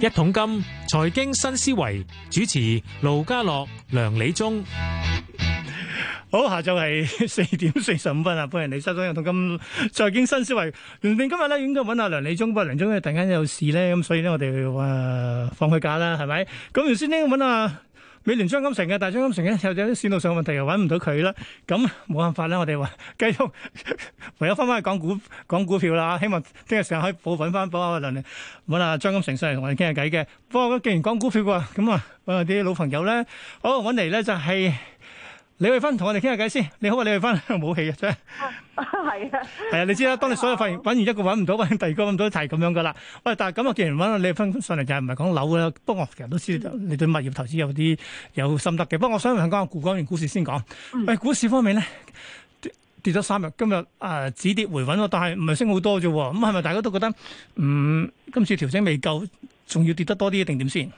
一桶金財經新思維，主持盧家樂、梁理忠，好，下晝係四點四十五分啊！歡迎你收聽一桶金財經新思維。原本今日咧應該揾阿梁理忠，不過梁忠咧突然間有事咧，咁所以咧我哋誒、呃、放佢假啦，係咪？咁原先呢個問啊。美聯張金城嘅，但係張金城咧有有啲線路上嘅問題，又揾唔到佢啦。咁冇辦法啦，我哋話繼續 唯有翻返去講股講股票啦。希望聽日時間可以補揾翻補翻個能力揾阿張金城上嚟同我哋傾下偈嘅。不過既然講股票喎，咁啊揾啲老朋友咧，好揾嚟咧就係、是。李慧芬同我哋傾下偈先。你好啊，李慧芬，冇戲嘅啫。係啊，係啊，你知啦。當你所有發現揾完一個揾唔到，揾第二個揾唔到，就係咁樣噶啦。喂，但係咁啊，既然揾，李慧芬上嚟就係唔係講樓啦。不過其實都知你對物業投資有啲有心得嘅。不過我想問下，講完股市先講。喂，股市方面咧跌跌咗三日，今日啊止跌回穩咯，但係唔係升好多啫。咁係咪大家都覺得唔今次調整未夠，仲要跌得多啲定點先？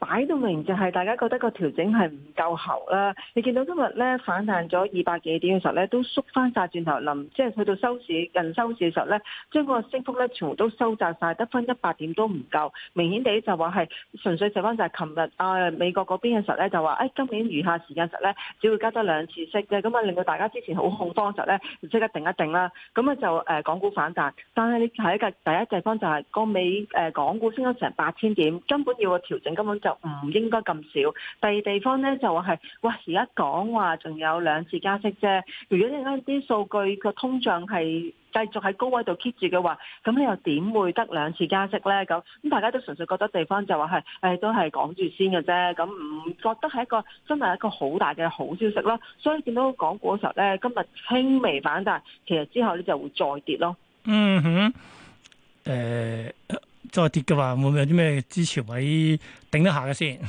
擺到明，明就係大家覺得個調整係唔夠喉啦。你見到今日咧反彈咗二百幾點嘅時候咧，都縮翻晒轉頭，臨即係、就是、去到收市近收市嘅時候咧，將個升幅咧全部都收窄晒，得分一百點都唔夠。明顯地就話係純粹食翻曬。琴日啊美國嗰邊嘅時候咧就話，誒、哎、今年餘下時間實咧只會加多兩次息嘅。咁啊令到大家之前好恐慌嘅時候咧，即刻定一定啦。咁啊就誒、呃、港股反彈，但係你睇嘅第一地方就係個美誒港股升咗成八千點，根本要嘅調整根本就。唔應該咁少。第二地方咧就話係，哇！而家講話仲有兩次加息啫。如果而家啲數據個通脹係繼續喺高位度 keep 住嘅話，咁你又點會得兩次加息咧？咁咁大家都純粹覺得地方就話係，誒都係講住先嘅啫。咁唔覺得係一個真係一個好大嘅好消息咯。所以見到港股嘅時候咧，今日輕微反彈，其實之後咧就會再跌咯。嗯哼，誒、欸。再跌嘅話，會唔會有啲咩支持位頂得下嘅先？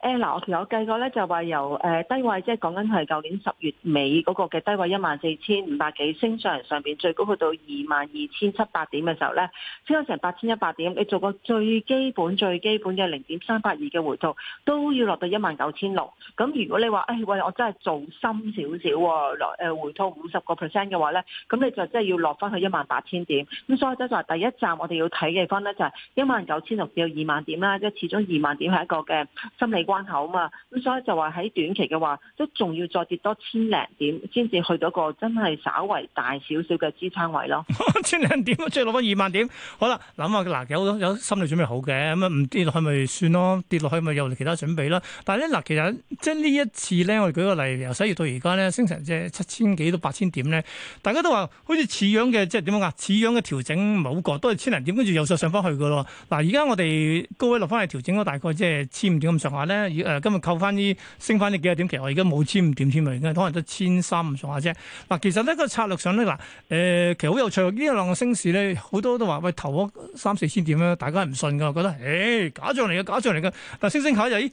誒嗱，我其實我計過咧，就話由誒低位，即係講緊係舊年十月尾嗰個嘅低位一萬四千五百幾，升上上邊最高去到二萬二千七百點嘅時候咧，升咗成八千一百點。你做個最基本最基本嘅零點三八二嘅回吐，都要落到一萬九千六。咁如果你話，誒喂，我真係做深少少，來回吐五十個 percent 嘅話咧，咁你就真係要落翻去一萬八千點。咁所以即係話第一站我哋要睇嘅地方咧，就係一萬九千六至到二萬點啦。即係始終二萬點係一個嘅心理關口啊嘛，咁所以就話喺短期嘅話，都仲要再跌多千零點，先至去到個真係稍為大少少嘅支撐位咯。千零點即係攞翻二萬點，好啦，諗下嗱，有有心理準備好嘅，咁啊唔跌落去咪算咯，跌落去咪有其他準備咯。但係咧嗱，其實即係呢一次咧，我哋舉個例，由十月到而家咧，升成即係七千幾到八千點咧，大家都話好似似樣嘅，即係點講啊？似樣嘅調整唔係好過，都係千零點，跟住又再上翻去噶咯。嗱，而家我哋高位落翻去調整咗大概即係千五點咁上下咧。誒今日扣翻啲升翻啲幾多點？其實我，其實我而家冇千五點添啊，而家可能得千三上下啫。嗱，其實呢個策略上咧嗱，誒、呃、其實好有趣。呢兩浪升市咧，好多都話喂投咗三四千點啦，大家唔信㗎，覺得誒假象嚟嘅，假象嚟嘅。但係升升下就咦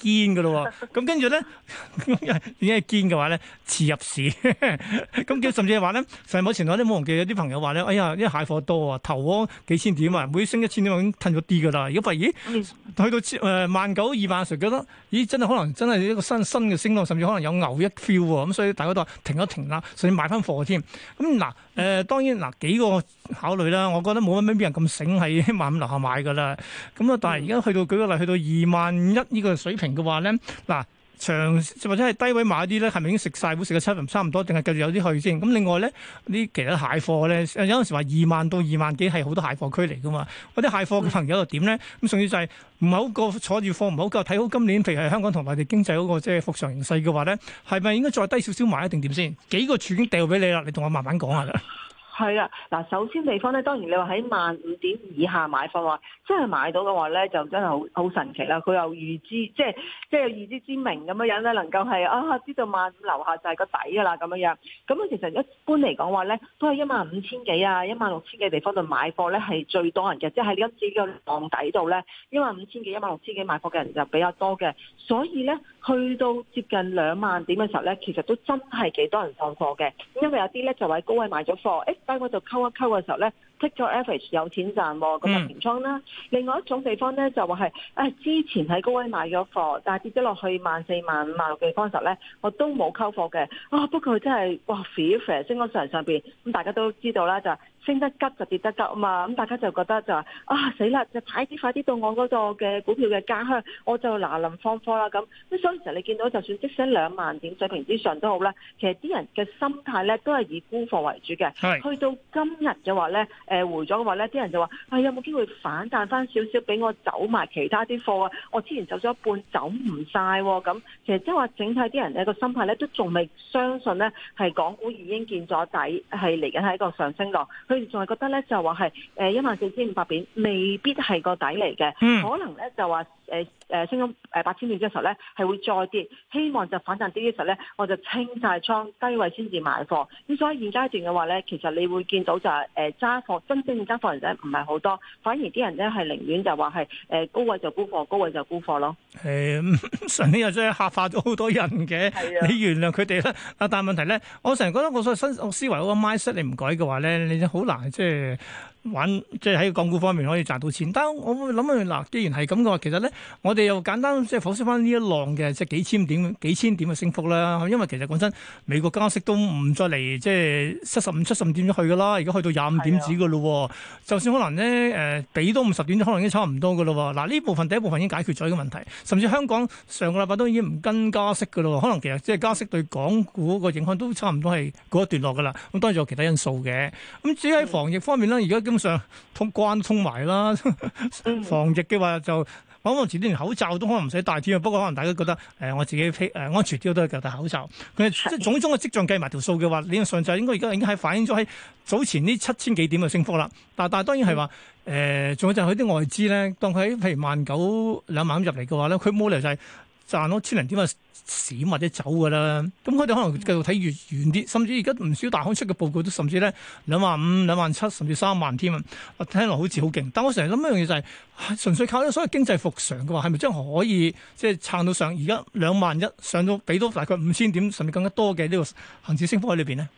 堅㗎啦喎，咁跟住咧，點解堅嘅話咧遲入市，咁叫甚至係話咧，上網前度我都冇人記有啲朋友話咧，哎呀啲蟹貨多啊，投咗幾千點啊，每一升一千點已經褪咗啲㗎啦。如果話咦去到誒萬九二萬上嘅。覺得咦，真係可能真係一個新新嘅升浪，甚至可能有牛一 feel，咁所以大家都話停一停啦，甚至買翻貨添。咁嗱，誒、呃、當然嗱、呃、幾個考慮啦，我覺得冇乜咩畀人咁醒喺萬五樓下買㗎啦。咁啊，但係而家去到舉個例，去到二萬一呢個水平嘅話咧，嗱。呃長或者係低位買啲咧，係咪已經食晒？會食個七分差唔多，定係繼續有啲去先？咁另外咧，啲其他蟹貨咧，有陣時話二萬到二萬幾係好多蟹貨區嚟㗎嘛？嗰啲蟹貨嘅朋友又點咧？咁重要就係唔好個坐住貨唔好夠睇好今年，譬如係香港同內地經濟嗰個即係復常形勢嘅話咧，係咪應該再低少少買定點先？幾個處境掉俾你啦，你同我慢慢講下。係啦，嗱，首先地方咧，當然你話喺萬五點以下買貨，話真係買到嘅話咧，就真係好好神奇啦。佢又預知，即係即係有預知之，之明咁樣樣咧，能夠係啊，知道萬五樓下就係個底㗎啦咁樣樣。咁其實一般嚟講話咧，都係一萬五千幾啊，一萬六千幾地方度買貨咧係最多人嘅，即係喺呢一次個浪底度咧，一萬五千幾、一萬六千幾買貨嘅人就比較多嘅。所以咧，去到接近兩萬點嘅時候咧，其實都真係幾多人放貨嘅，因為有啲咧就喺高位買咗貨，誒。低我就溝一溝嘅時候呢，take 咗 average 有錢賺，咁就平倉啦。另外一種地方呢，就話係，誒，之前喺高位買咗貨，但係跌咗落去萬四萬五萬六嘅地方時候呢，我都冇溝貨嘅。啊不過真係，哇 fair fair，升咗上上邊，咁大家都知道啦就。升得急就跌得急啊嘛！咁大家就覺得就話啊死啦！就快啲快啲到我嗰個嘅股票嘅家鄉，我就嗱臨方科啦咁。咁所以其實你見到，就算即使兩萬點水平之上都好咧，其實啲人嘅心態咧都係以沽貨為主嘅。係是。去到今日嘅話咧，誒、呃、回咗嘅話咧，啲人就話：，係、哎、有冇機會反彈翻少少俾我走埋其他啲貨啊？我之前走咗一半，走唔晒喎。咁其實即係話整體啲人咧個心態咧都仲未相信咧，係港股已經見咗底，係嚟緊係一個上升浪。佢仲係覺得咧，就話係誒一萬四千五百點未必係個底嚟嘅，可能咧就話。誒誒，升到誒八千點之後咧，係會再跌，希望就反彈啲嘅時候咧，我就清晒倉，低位先至買貨。咁所以現階段嘅話咧，其實你會見到就係，誒揸貨真正揸貨人仔唔係好多，反而啲人咧係寧願就話係，誒高位就沽貨，高位就沽貨咯。誒，上年又真係嚇壞咗好多人嘅， 你原諒佢哋啦。但係問題咧，我成日覺得我個新思維嗰個 mindset 你唔改嘅話咧，你好難即係玩，即係喺港股方面可以賺到錢。但係我會諗啊，嗱，既然係咁嘅話，其實咧。我哋又簡單即係剖析翻呢一浪嘅即係幾千點幾千點嘅升幅啦。因為其實講真，美國加息都唔再嚟即係七十五、七十五點咗去噶啦。而家去到廿五點止噶咯。的就算可能咧誒，畀多五十點，可能已經差唔多噶啦。嗱，呢部分第一部分已經解決咗呢個問題，甚至香港上個禮拜都已經唔跟加息噶咯。可能其實即係加息對港股個影響都差唔多係告一段落噶啦。咁當然仲有其他因素嘅。咁至於喺防疫方面啦，而家基本上通關通埋啦， 防疫嘅話就。可能自己連口罩都可能唔使戴添，不過可能大家覺得誒、呃、我自己誒，安全啲都係夠戴口罩。佢總總嘅跡象計埋條數嘅話，你個上就應該而家已經係反映咗喺早前呢七千幾點嘅升幅啦。但係當然係話誒，仲有就係佢啲外資咧，當佢喺譬如萬九兩萬咁入嚟嘅話咧，佢摸嚟就係。賺咗千零點啊，咪閃都走噶啦。咁佢哋可能繼續睇越遠啲，甚至而家唔少大行出嘅報告都甚至咧兩萬五、兩萬七，甚至三萬添啊！我聽落好似好勁。但我成日諗一樣嘢就係、是，純粹靠咗所謂經濟復常嘅話，係咪真係可以即係撐到上？而家兩萬一上到，俾到大概五千點，甚至更加多嘅呢個恒指升幅喺裏邊呢。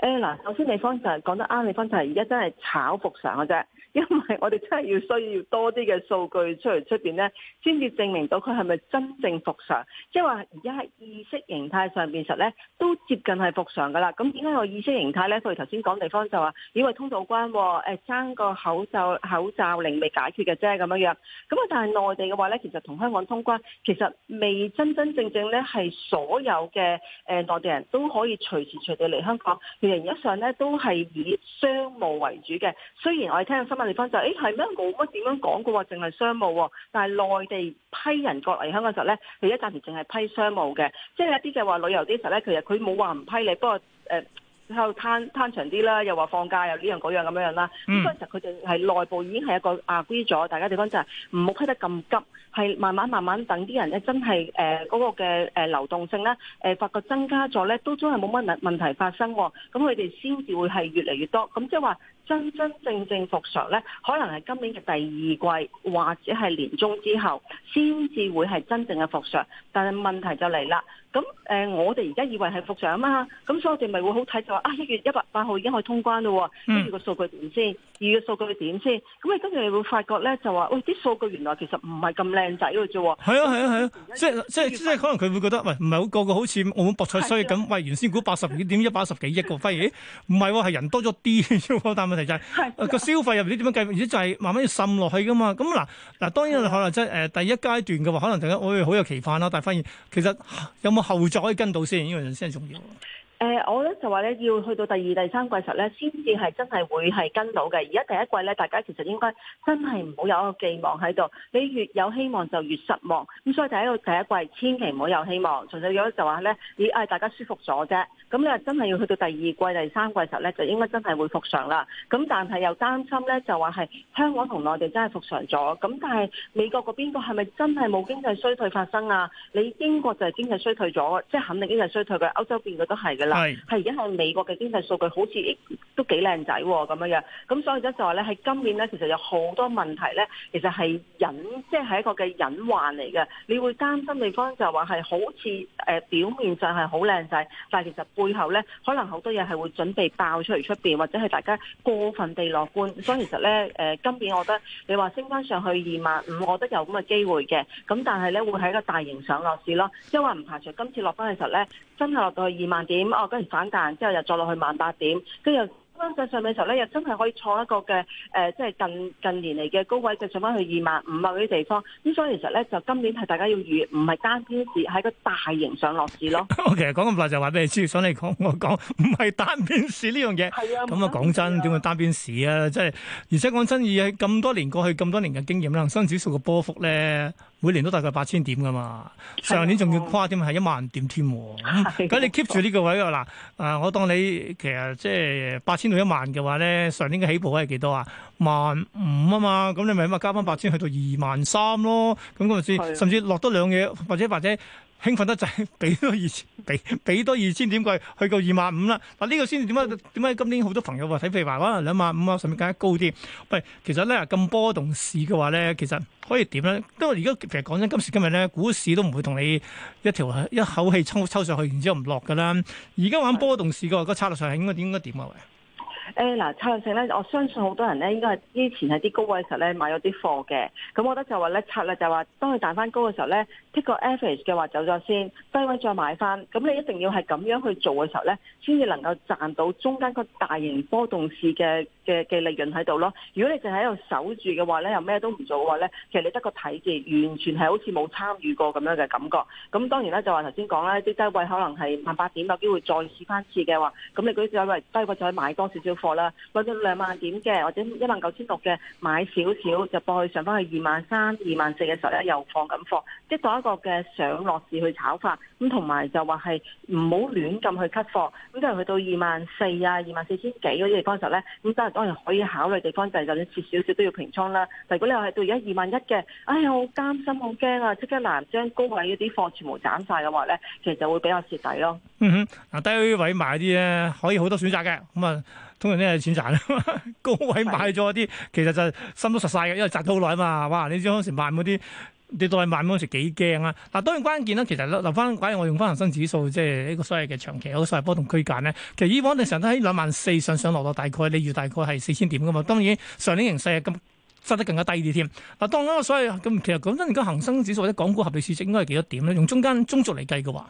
誒、欸，嗱，首先你方就係講得啱，你方就係而家真係炒復常嘅啫。因為我哋真係要需要多啲嘅數據出嚟出面呢，先至證明到佢係咪真正復常。即係話而家係意識形態上面實，實呢都接近係復常噶啦。咁點解有意識形態呢？譬如頭先講地方就話，因為通道關，誒、哦、爭個口罩口罩令，未解決嘅啫咁樣樣。咁啊，但係內地嘅話呢，其實同香港通關其實未真真正正呢係所有嘅誒內地人都可以隨時隨地嚟香港。原另一方面都係以商務為主嘅。雖然我哋聽到新聞。地方就誒係咩？冇乜點樣講過喎，淨係商務。但係內地批人過嚟香港嘅時候咧，佢一暫時淨係批商務嘅，即係有啲嘅話旅遊啲時候咧，其實佢冇話唔批你，不過誒喺度攤攤長啲啦，又話放假又呢樣嗰樣咁樣啦。咁嗰陣時佢哋係內部已經係一個 agree 咗，大家地方就係唔好批得咁急，係慢慢慢慢等啲人咧真係誒嗰個嘅誒流動性咧誒發覺增加咗咧，都都係冇乜問問題發生。咁佢哋先至會係越嚟越多。咁即係話。真真正正復常咧，可能係今年嘅第二季或者係年終之後，先至會係真正嘅復常。但係問題就嚟啦，咁、嗯、誒，我哋而家以為係復常啊嘛，咁所以我哋咪會好睇就話啊，一月一百八號已經可以通關嘞，跟住個數據點先，二月數據會點先，咁你跟住你會發覺咧就話，喂，啲數據原來其實唔係咁靚仔嘅啫。係啊係啊係啊，即係即係即係，可能佢會覺得喂，唔係好過個好似澳門博彩衰咁，喂，原先估八十幾點一百一十幾億個輝，唔係喎，係、啊、人多咗啲但就係、是、個吧消費又唔知點樣計，而且就係慢慢要滲落去噶嘛。咁嗱嗱，當然的可能即係誒第一階段嘅話，可能突然間，我哋好有期盼啦。但係發現其實、啊、有冇後續可以跟到先，呢樣先係重要。誒，我咧就話咧，要去到第二、第三季時候咧，先至係真係會係跟到嘅。而家第一季咧，大家其實應該真係唔好有一個寄望喺度。你越有希望就越失望。咁所以第一個第一季，千祈唔好有希望。純粹咗就話咧，你誒大家舒服咗啫。咁你話真係要去到第二季、第三季時候咧，就應該真係會復常啦。咁但係又擔心咧，就話係香港同內地真係復常咗。咁但係美國嗰邊個係咪真係冇經濟衰退發生啊？你英國就係經濟衰退咗，即係肯定經濟衰退嘅。歐洲邊個都係嘅。係，係而家係美國嘅經濟數據好似都幾靚仔喎，咁樣樣，咁所以咧就話咧，喺今年咧，其實有好多問題咧，其實係隱，即係係一個嘅隱患嚟嘅。你會擔心地方就係話係好似誒表面上係好靚仔，但係其實背後咧可能好多嘢係會準備爆出嚟出邊，或者係大家過分地樂觀。所以其實咧誒、呃，今年我覺得你話升翻上去二萬五，我覺得有咁嘅機會嘅。咁但係咧會喺一個大型上落市咯，因為唔排除今次落翻嘅時候咧真係落到去二萬點。哦，跟住反彈，之後又再落去萬八點，跟住翻上上嘅時候咧，又真係可以坐一個嘅誒、呃，即係近近年嚟嘅高位就上翻去二萬五啊嗰啲地方。咁所以其實咧，就今年係大家要預，唔係單邊市，係一個大型上落市咯。我其實講咁耐就話俾你知，想你講我講，唔係單邊市呢樣嘢。係啊。咁啊講真，點會單邊市啊？即係、 啊、而且講真，而係咁多年過去咁多年嘅經驗啦，恒生指數嘅波幅咧。每年都大概八千點噶嘛，上年仲要跨添，係一萬點添。咁你 keep 住呢個位喎嗱，誒我當你其實即係八千到一萬嘅話咧，上年嘅起步位係幾多啊？萬五啊嘛，咁你咪咁啊加翻八千去到二萬三咯。咁陣時，甚至落多兩嘢，或者或者。興奮得滯，俾多二千，俾俾多二千點，佢去到二萬五啦。嗱、啊，呢個先點解？點解今年好多朋友話睇，譬如話哇兩萬五啊，甚至上面更加高啲。喂，其實咧咁波動市嘅話咧，其實可以點咧？不過而家其實講真，今時今日咧股市都唔會同你一條一口氣抽抽上去，然之後唔落噶啦。而家玩波動市嘅話，個策略上應該點？應該點啊？誒嗱，策略性咧，我相信好多人咧應該係之前喺啲高位嘅時候咧買咗啲貨嘅，咁我覺得就話咧策略就話，當佢彈翻高嘅時候咧，剔個 average 嘅話走咗先，低位再買翻，咁你一定要係咁樣去做嘅時候咧，先至能夠賺到中間個大型波動市嘅嘅嘅利潤喺度咯。如果你淨係喺度守住嘅話咧，又咩都唔做嘅話咧，其實你得個睇字，完全係好似冇參與過咁樣嘅感覺。咁當然咧就話頭先講啦，啲低位可能係萬八點有機會再試翻次嘅話，咁你舉止喺低位再買多少少貨。啦，落到兩萬點嘅或者一萬九千六嘅買少少，就過去上翻去二萬三、二萬四嘅時候咧，又放緊貨，即係做一個嘅上落市去炒法。咁同埋就話係唔好亂咁去 cut 貨。咁即係去到二萬四啊、二萬四千幾嗰啲地方時候咧，咁都係當然可以考慮地方，就係就算蝕少少都要平倉啦。但如果你係到而家二萬一嘅，哎呀，我好擔心、好驚啊！即刻難將高位嗰啲貨全部斬晒嘅話咧，其實就會比較蝕底咯。嗯哼，嗱低位買啲咧，可以好多選擇嘅咁啊。通常都有錢賺啊，高位買咗啲，的其實就心都實晒嘅，因為賺到好耐啊嘛。哇！你知當時買嗰啲你到去買嗰時幾驚啊！嗱，當然關鍵啦。其實留翻講嘢，我用翻恒生指數，即係呢個所謂嘅長期嗰個所謂波動區間咧。其實以往嘅時候都喺兩萬四上上落落，大概你要大概係四千點嘅嘛。當然上年形勢啊咁，執得更加低啲添。嗱，當咁所以咁，其實講真如果恒生指數或者港股合理市值應該係幾多點咧？用中間中軸嚟計嘅話。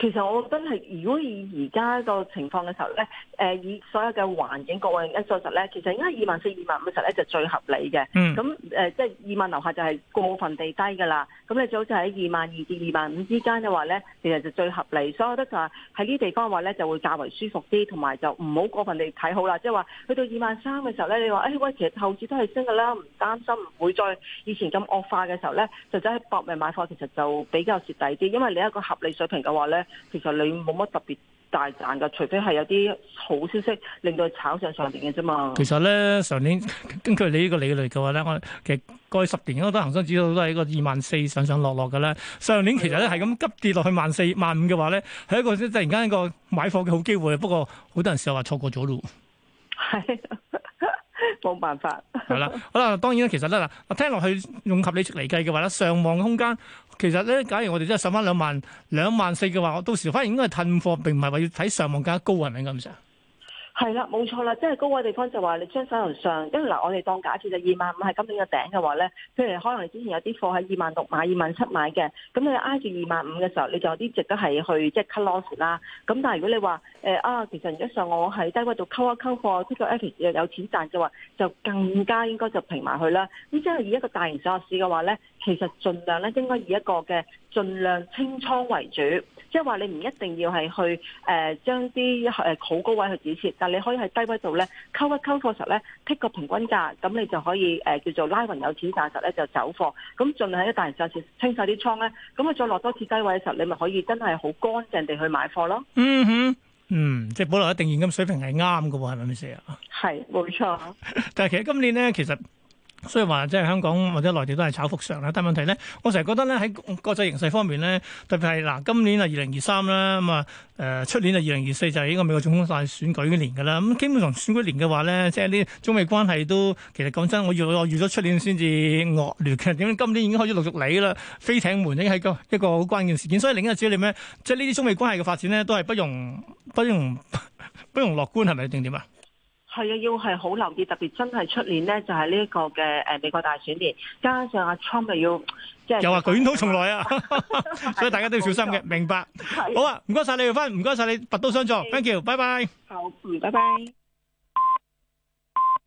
其實我覺得係，如果以而家個情況嘅時候咧，誒、呃、以所有嘅環境、各運一作實咧，其實應該二萬四、二萬五嘅時候咧就最合理嘅。咁誒、嗯呃，即係二萬樓下就係過分地低㗎啦。咁你最好就喺二萬二至二萬五之間嘅話咧，其實就最合理。所以我覺得就係喺呢地方嘅話咧，就會較為舒服啲，同埋就唔好過分地睇好啦。即係話去到二萬三嘅時候咧，你話誒、哎、喂，其實後市都係升㗎啦，唔擔心唔會再以前咁惡化嘅時候咧，就真係搏命買貨，其實就比較蝕底啲，因為你一個合理水平嘅話咧。其實你冇乜特別大賺噶除非係有啲好消息令到炒上上邊嘅啫嘛。其實咧上年根據你呢個理論嘅話咧，我其實過去十年嗰啲恒生指數都係一個二萬四上上落落嘅。咧上年其實咧係咁急跌落去萬四萬五嘅話咧，係一個突然間一個買貨嘅好機會。不過好多人成日話錯過咗咯。係，冇辦法。係 啦，好啦，當然啦，其實咧，我聽落去用合理嚟計嘅話咧，上望空間。其實咧，假如我哋真係上翻兩萬兩萬四嘅話，我到時反而應該係褪貨，並唔係話要睇上網價高，係咪咁想？係啦，冇錯啦，即係高位地方就話你將手頭上，因為嗱，我哋當假設就二萬五係今年嘅頂嘅話咧，譬如可能之前有啲貨喺二萬六買、二萬七買嘅，咁你挨住二萬五嘅時候，你就有啲值得係去即係 cut loss 啦。咁但係如果你話誒、呃、啊，其實而家上我係低位度溝一溝貨，即個 equity 有錢賺嘅話，就更加應該就平埋佢啦。咁即係以一個大型上市嘅話咧。其實盡量咧，應該以一個嘅盡量清倉為主，即係話你唔一定要係去誒將啲誒好高位去止蝕，但係你可以喺低位度咧，溝一溝貨嘅時候咧，剔個平均價，咁你就可以誒、呃、叫做拉勻有錢價值咧就走貨，咁盡量喺大市上邊清晒啲倉咧，咁啊再落多次低位嘅時候，你咪可以真係好乾淨地去買貨咯。嗯哼，嗯，即係保留一定現金水平係啱嘅，係咪咁先啊？係，冇錯。 但係其實今年咧，其實。所以話即係香港或者內地都係炒幅上啦，但係問題咧，我成日覺得咧喺國際形勢方面咧，特別係嗱今年啊二零二三啦，咁啊誒出年啊二零二四就係一個美國總統大選舉年㗎啦。咁基本上選舉年嘅話咧，即係呢中美關係都其實講真，我預我預咗出年先至惡劣嘅。其實點解今年已經開始陸續嚟啦，飛艇門已經係個一個好關鍵事件，所以另一個指你咩，即係呢啲中美關係嘅發展咧，都係不容 不容不容樂觀係咪定點啊？是。係啊，要係好留意，特別真係出年咧，就係呢一個嘅誒美國大選年，加上阿 Trump 又要，即、就、係、是、又話捲土重來啊， 的 所以大家都要小心嘅，錯明白？的好啊，唔該晒李慧芬，唔該晒你拔刀相助的，thank you，拜拜，好、okay，拜拜。